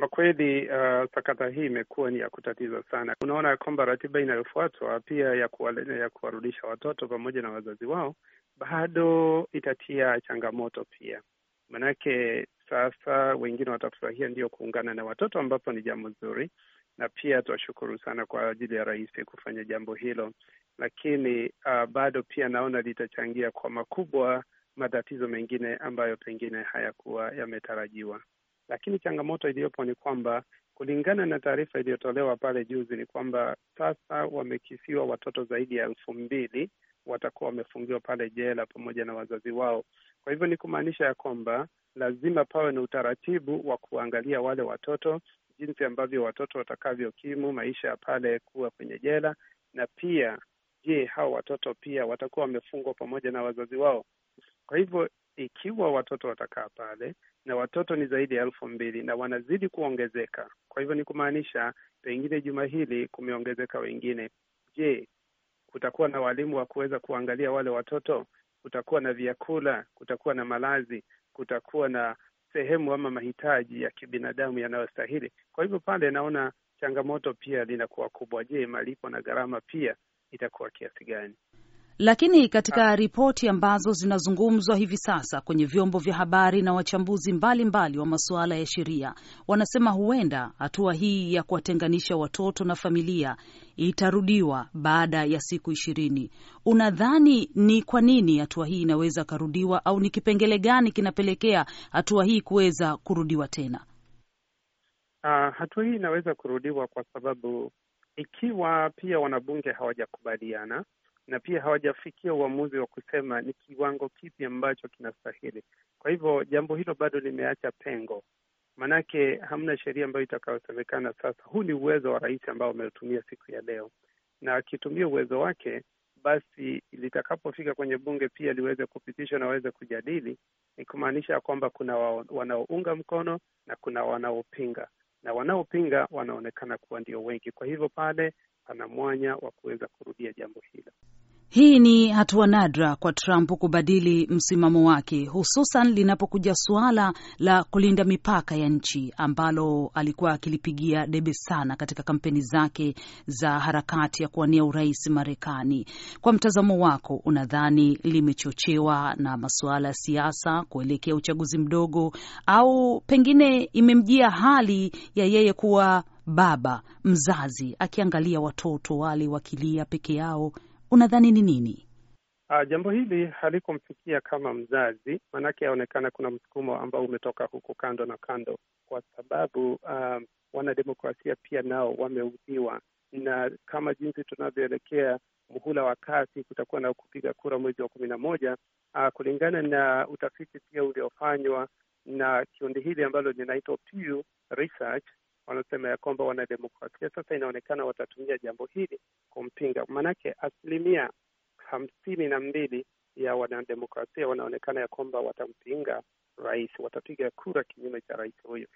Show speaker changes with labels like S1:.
S1: Kwa kweli uh, sakata hii imekuwa ni ya kutatiza sana. Unaona ya kwamba ratiba inayofuatwa pia ya kuwale, ya kuwarudisha watoto pamoja na wazazi wao bado itatia changamoto pia, manake sasa wengine watafurahia ndio kuungana na watoto ambapo ni jambo zuri, na pia twashukuru sana kwa ajili ya rais kufanya jambo hilo, lakini uh, bado pia naona litachangia kwa makubwa matatizo mengine ambayo pengine hayakuwa yametarajiwa. Lakini changamoto iliyopo ni kwamba kulingana na taarifa iliyotolewa pale juzi ni kwamba sasa wamekisiwa watoto zaidi ya elfu mbili watakuwa wamefungiwa pale jela pamoja na wazazi wao. Kwa hivyo ni kumaanisha ya kwamba lazima pawe na utaratibu wa kuangalia wale watoto, jinsi ambavyo watoto watakavyokimu maisha ya pale kuwa kwenye jela, na pia je, hao watoto pia watakuwa wamefungwa pamoja na wazazi wao? Kwa hivyo ikiwa watoto watakaa pale, na watoto ni zaidi ya elfu mbili na wanazidi kuongezeka. Kwa hivyo ni kumaanisha pengine juma hili kumeongezeka wengine. Je, kutakuwa na walimu wa kuweza kuangalia wale watoto? Kutakuwa na vyakula? Kutakuwa na malazi? Kutakuwa na sehemu ama mahitaji ya kibinadamu yanayostahili? Kwa hivyo pale naona changamoto pia linakuwa kubwa. Je, malipo na gharama pia itakuwa kiasi gani?
S2: Lakini katika ah. ripoti ambazo zinazungumzwa hivi sasa kwenye vyombo vya habari na wachambuzi mbalimbali mbali wa masuala ya sheria wanasema huenda hatua hii ya kuwatenganisha watoto na familia itarudiwa baada ya siku ishirini. Unadhani ni kwa nini hatua hii inaweza karudiwa, au ni kipengele gani kinapelekea hatua hii kuweza kurudiwa tena?
S1: Uh, hatua hii inaweza kurudiwa kwa sababu ikiwa pia wanabunge hawajakubaliana na pia hawajafikia uamuzi wa kusema ni kiwango kipi ambacho kinastahili. Kwa hivyo jambo hilo bado limeacha pengo, maanake hamna sheria ambayo itakayosemekana sasa, huu ni uwezo wa rais ambao ameutumia siku ya leo, na akitumia uwezo wake basi litakapofika kwenye bunge pia liweze kupitishwa na waweze kujadili, ni kumaanisha kwamba kuna wanaounga mkono na kuna wanaopinga, na wanaopinga wanaonekana kuwa ndio wengi. Kwa hivyo pale pana mwanya wa kuweza kurudia jambo hilo.
S2: Hii ni hatua nadra kwa Trump kubadili msimamo wake, hususan linapokuja suala la kulinda mipaka ya nchi ambalo alikuwa akilipigia debe sana katika kampeni zake za harakati ya kuwania urais Marekani. Kwa mtazamo wako, unadhani limechochewa na masuala ya siasa kuelekea uchaguzi mdogo, au pengine imemjia hali ya yeye kuwa baba mzazi, akiangalia watoto wale wakilia peke yao? unadhani ni nini?
S1: Uh, jambo hili halikumfikia kama mzazi, maanake yaonekana kuna msukumo ambao umetoka huku kando na kando, kwa sababu uh, wanademokrasia pia nao wameudhiwa, na kama jinsi tunavyoelekea muhula wa kasi, kutakuwa na kupiga kura mwezi wa kumi na moja. Uh, kulingana na utafiti pia uliofanywa na kikundi hili ambalo linaitwa Pew Research wanasema ya kwamba wanademokrasia sasa inaonekana watatumia jambo hili kumpinga, maanake asilimia hamsini na mbili ya wanademokrasia wanaonekana ya kwamba watampinga rais, watapiga kura kinyume cha rais huyu.